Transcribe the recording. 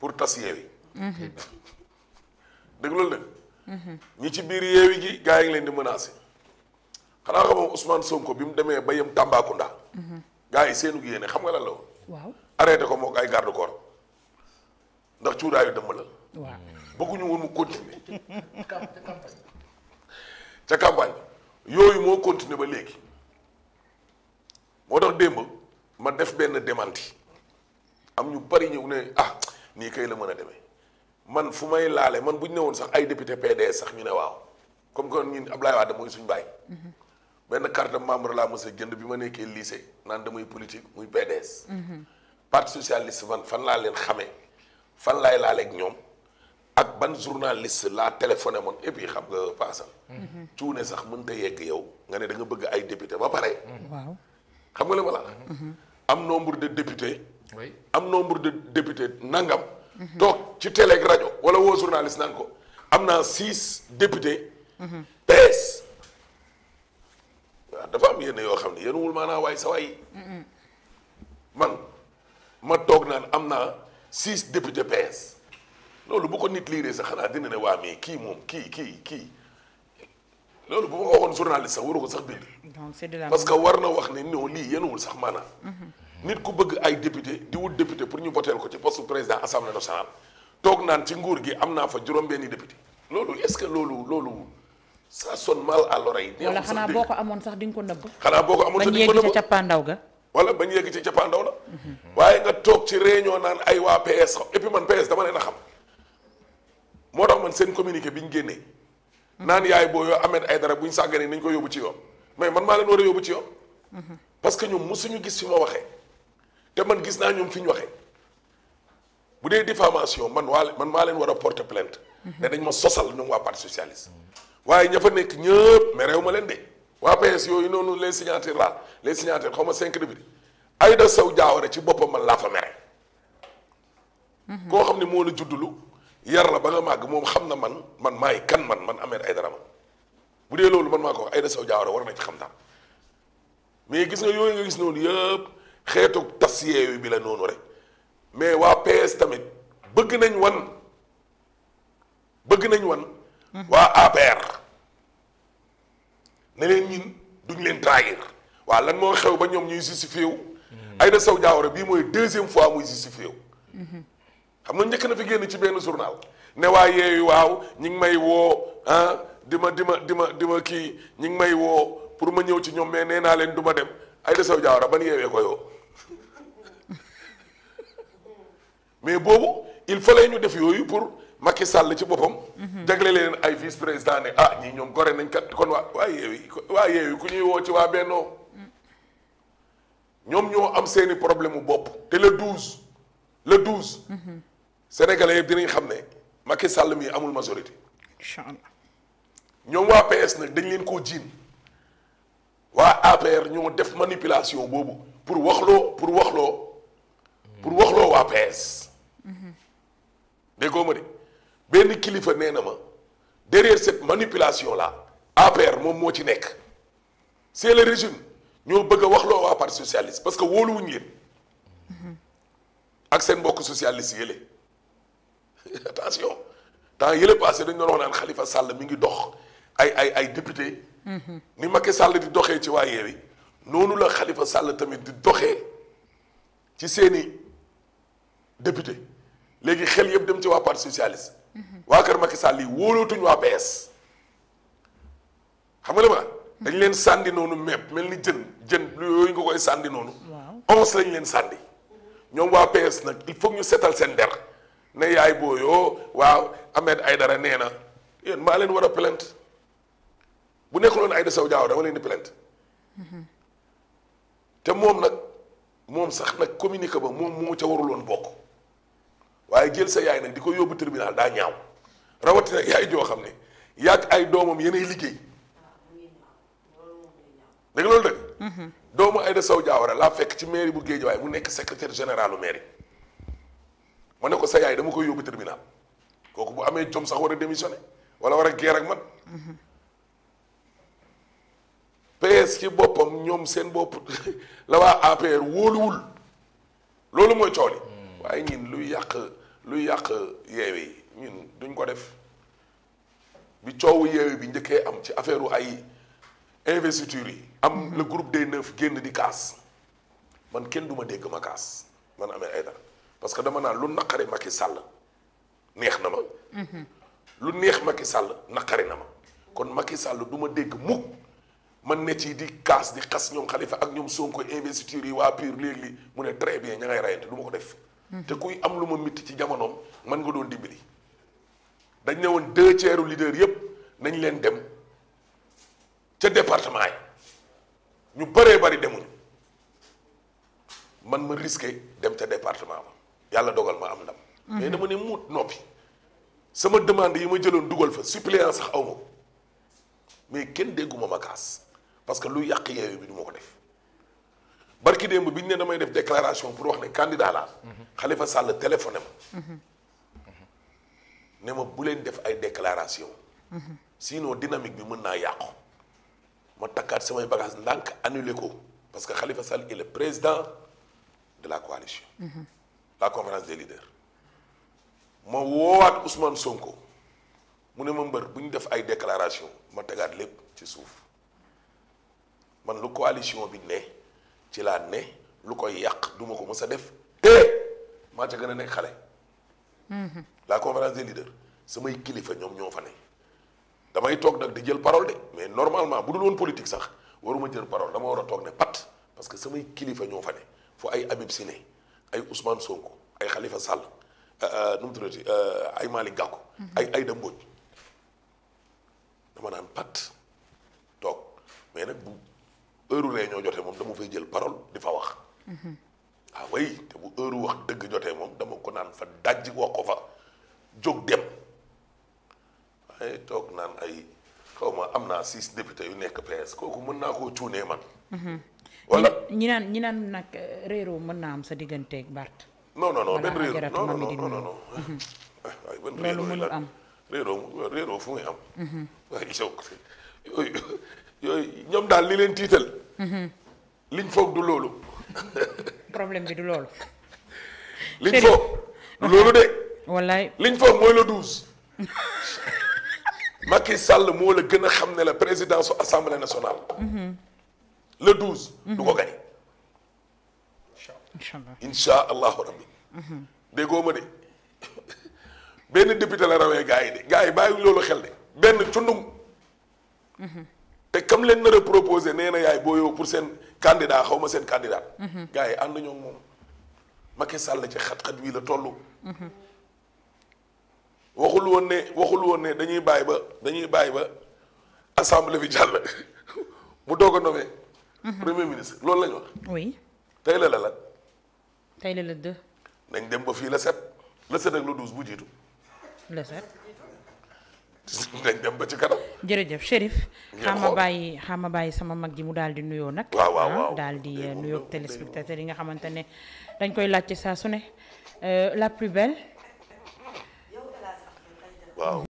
pour tas yeewi dëgg loolu nag ñi ci biir yeewi gi gaa yi ngi leen di menacé xanaa xamoon Ousmane Sonko bi mu demee ba yem Tambacounda gaa yi seenu yéene xam nga lan la woon waaw arrêté ko moog ay garde corps ndax cuudaayu dëmm la waaw bëgguñu woon mu continuer ca campagne yooyu moo continuer ba léegi moo tax démb ma def benn démenti am ñu bari ñëw ne ah nii kay la mën a demee man fu may laale man bu ñu ne woon sax ay député PDS sax ñu ne waaw comme que ñun Ablaye Wade mooy suñu baay. Mhm. benn carte membre laa mos a jënd bi ma nekkee lycée naan damay politique muy PDS. Mhm. parti socialiste man fan laa leen xamee fan laay laaleeg ñoom ak ban journaliste laa téléphoné moon et puis xam nga paasal. Mhm. cuune sax mënta yegg yow nga ne da nga bëgg ay député ba pare. waaw xam nga la voilà. am nombre de députés. am nombre de députés nangam. toog ci télé rajo wala woo journaliste naan ko am naa six députés. PS. waaw dafa am yenn yoo xam ne yéen wul maanaa waay sa waay. man ma toog naan am naa six députés PS loolu bu ko nit liiree sax xanaa dina ne waa mais kii moom kii kii kii loolu bu ma ko sax waru ko sax bind. parce que war na wax ne non lii yéen wul sax maanaa. nit ku bëgg ay député di wut député pour ñu voteel ko ci poste président assemblée nationale toog naan ci nguur gi am naa fa juróom-benni député loolu est-ce que loolu loolu ça sonne mal à l'oreille. wala xanaa boo ko amoon sax di nga ko xanaa boo ko amoon sax di nga ko nëbb bañ yegg ca ga. wala bañ yegg ci cappaandaw la. waaye nga toog ci réunion naan ay waa PS et man PS dama leen a xam moo tax man seen communiqué bi ñu génnee. naan yaay boo yoo Ahmed Aïdara bu ñu sàgganee nañ ko yóbbu ci yoon mais man maa leen war a yóbbu ci yoon. Mhm. parce que ñoom mosuñu gis fi ma waxee. te man gis naa ñoom fi ñu waxee bu dee diffamation man waa man maa leen war a porter plainte ne dañ ma sosal ñoom waa parti socialiste waaye ña fa nekk ñëpp mais réew ma leen de waa PS yooyu noonu les signataires là les signataires xaw ma cinq députés Aïda Sow Diawara ci boppam man laa fa mere koo xam ne moo la juddulu yar la ba nga màgg moom xam na man man maay kan man man Ahmed Aïdara man bu dee loolu man maa ko ay Aïda saw Diawara war na ci xam daal mais gis nga yooyu xeetu tas yeewi bi la noonu rek mais waa PS tamit bëgg nañ wan bëgg nañ wan waa APR ne leen ñin duñ leen trahir waa lan moo xew ba ñoom ñuy justifié wu hmm. Aïda Sow Diawara bii mooy deuxième fois muy justifié wu hmm. xam nga njëkk na fi génn ci benn journal ne waa yeeyu waaw ñi ngi may woo ah di ma di ma di ma di ma kii ñi ngi may woo pour ma ñëw ci ñoom mais nee naa leen du ma dem Aïda Sow Diawara ban yeewee ko mais boobu il fallait ñu def yooyu pour Macky Sall ci boppam. Mhm. jagle leen ay vice président ne ah ñii ñoom gore nañ kat kon waa waa yeewi waa yeewi ku ñuy woo ci waa Bennoo mm. ñoom ñoo am seeni problème mu bopp te le 12 le 12. Mhm. Sénégalais dinañ xam ne Macky Sall mii amul majorité. incha allah ñoom waa PS nag dañ leen koo jiin waa APR ñoo def manipulation boobu. pour waxloo pour waxloo pour waxloo waa PS déggoo ma de benn kilifa nee na ma derrière cette manipulation la APR moom moo ci nekk c'est le régime ñoo bëgg a waxloo waa parti socialiste parce que wóoluwuñu leen ak seen mbokk socialiste yële attention temps yële passé dañ doon wax naan Khalifa Sall mi ngi dox ay ay ay député mhm. ni Macky Sall di doxee ci waa Yewwi noonu la xalifa sàll tamit di doxee ci seeni député léegi xel yëpp dem ci waa parti socialiste. Mhm. waa kër Macky Sall yi wóolootuñ waa PS. xam nga li ma dañ leen sàndi noonu mépp mel ni jën jën yooyu nga koy sànni noonu. waaw lañ leen sànni. ñoom waa PS nag il faut ñu seetal seen der ne yaay booyoo waaw Ahmed Aydara nee na yéen maa leen war a plainte bu nekkuloon Aïda Sow Diawara dama leen di plainte. Mhm. te moom nag moom sax nag communiqué ba moom moo ca warul woon bokk waaye jël sa yaay nag di ko yóbbu tribunal daa ñaaw rawatina yaay joo xam ne yàgg ay doomam yenay liggéey dëgg loolu dëgg mhm. doomu Aïda Sow Diawara laa fekk ci mairie bu waaye mu nekk secretaire généralu mairie ma ne ko sa yaay dama koy yóbbu tribunal kooku bu amee jom sax war a démissionné wala war a geer ak man mhm. PS ci boppam ñoom seen bopp la waa APR wóoluwul loolu mooy cool hmm. waaye ñun luy yàq luy yàq yeewe yi ñun duñ ko def bi coowu yeewe bi njëkkee am ci affaire u ay investiture yi am le groupe des neuf génn di kaas man kenn duma dégg ma kaas man amee ay parce que dama naa lu naqari Macky Sall neex na ma mhm. lu neex makki sàll naqari na ma kon Macky Sall du ma dégg mukk man ne yi di kaas di xas ñoom xalifa ak ñoom Sonko investiture yi waa PUR léegi mu ne très bien ña ngay rayante du ma ko def. Hmm. te kuy am lu ma mitti ci jamonoom man nga doon dimbali. dañ ne woon deux tiers leader yëpp nañ leen dem ca département yi ñu bëree bari demuñu man ma risqué dem ca département ba yàlla dogal ma am ndam. Hmm. mais dama ne muut noppi. sama demande yi ma jëloon dugal fa suppléant sax awma ma mais kenn dégguma ma kaas. parce que lu yàq yeewu bi du ma ko def barki démb bi ñu ne damay def déclaration pour wax ne candidat laa Khalifa Sall téléphoné ma ne ma bu leen def ay déclaration sinon dynamique bi mën naa yàqu ma takkaat samay bagage ndànk annulé ko parce que Khalifa Sall il président de la coalition la conférence des leaders ma woowaat Ousmane Sonko mu ne ma mbër bu ñu def ay déclaration ma tegaat lépp ci suuf man lu coalition bi ne ci laa ne lu koy yàq duma ko mës a def te maa ca gën a nekk xale mhm. la conférence des leaders samay kilifa ñoom ñoo fa ne damay toog nag di jël parole de mais normalement bu dul woon politique sax waruma jël parole dama war a toog ne pat parce que samay kilifa ñoo fa ne fu ay Habib Sine ay Ousmane Sonko ay Khalifa Sall euh, euh, nu euh, ay Malick Gakou mhm. ay Aïda Mbodj dama naan pat toog mais nag bu heure réunion jotee moom dama fay jël parole di fa wax. Mm-hmm. ah oui te bu heure wax dëgg jotee moom dama ko naan fa dajji wax ko fa jóg dem waaye toog naan ay xaw ma am naa six députés yu nekk PS kooku mën naa koo cuunee man. Mm-hmm. wala ñi naan ñi naan nag eh, réeroo mën naa am sa digganteeg Bart. non non non benn réeroo non mm-hmm. am. réeroo fu muy am. waaye yow yooyu. yooyu ñoom daal li leen tiital. Mhm. liñ foog du loolu. problème bi du loolu. liñ foog du loolu de. wallaay liñ foog mooy le douze. Macky Sall moo la gën a xam ne la présidence su assemblée nationale. Mhm. le douze. du ko mhm. gañe. incha allah allahu rabbi. déggoo ma de benn député la rawee gars de gars bàyyi loolu xel de benn cundum. te kam leen nar a proposé nee na yaay boo yow pour seen candidat xaw ma seen candidat. Mhm. gars yi ànd ñoo moom Macky Sall ci xat-xat wii la toll. Mhm. waxul woon ne waxul woon ne dañuy bàyyi ba dañuy bàyyi ba assemblée bi jàll mu doog a nommé. Mhm. premier ministre loolu la ñu wax. oui tey la la la. tey la la dë. nañ dem ba fii la set la set ak le douze bu jiitu. la set. jërëjëf Chérif. xam ma bàyyi xam bàyyi sama mag ji mu daal di nuyoo nag. waaw waaw ah, daal di nuyoo téléspectateurs yi nga xamante ne dañ koy laajte saa su ne euh, la plus belle.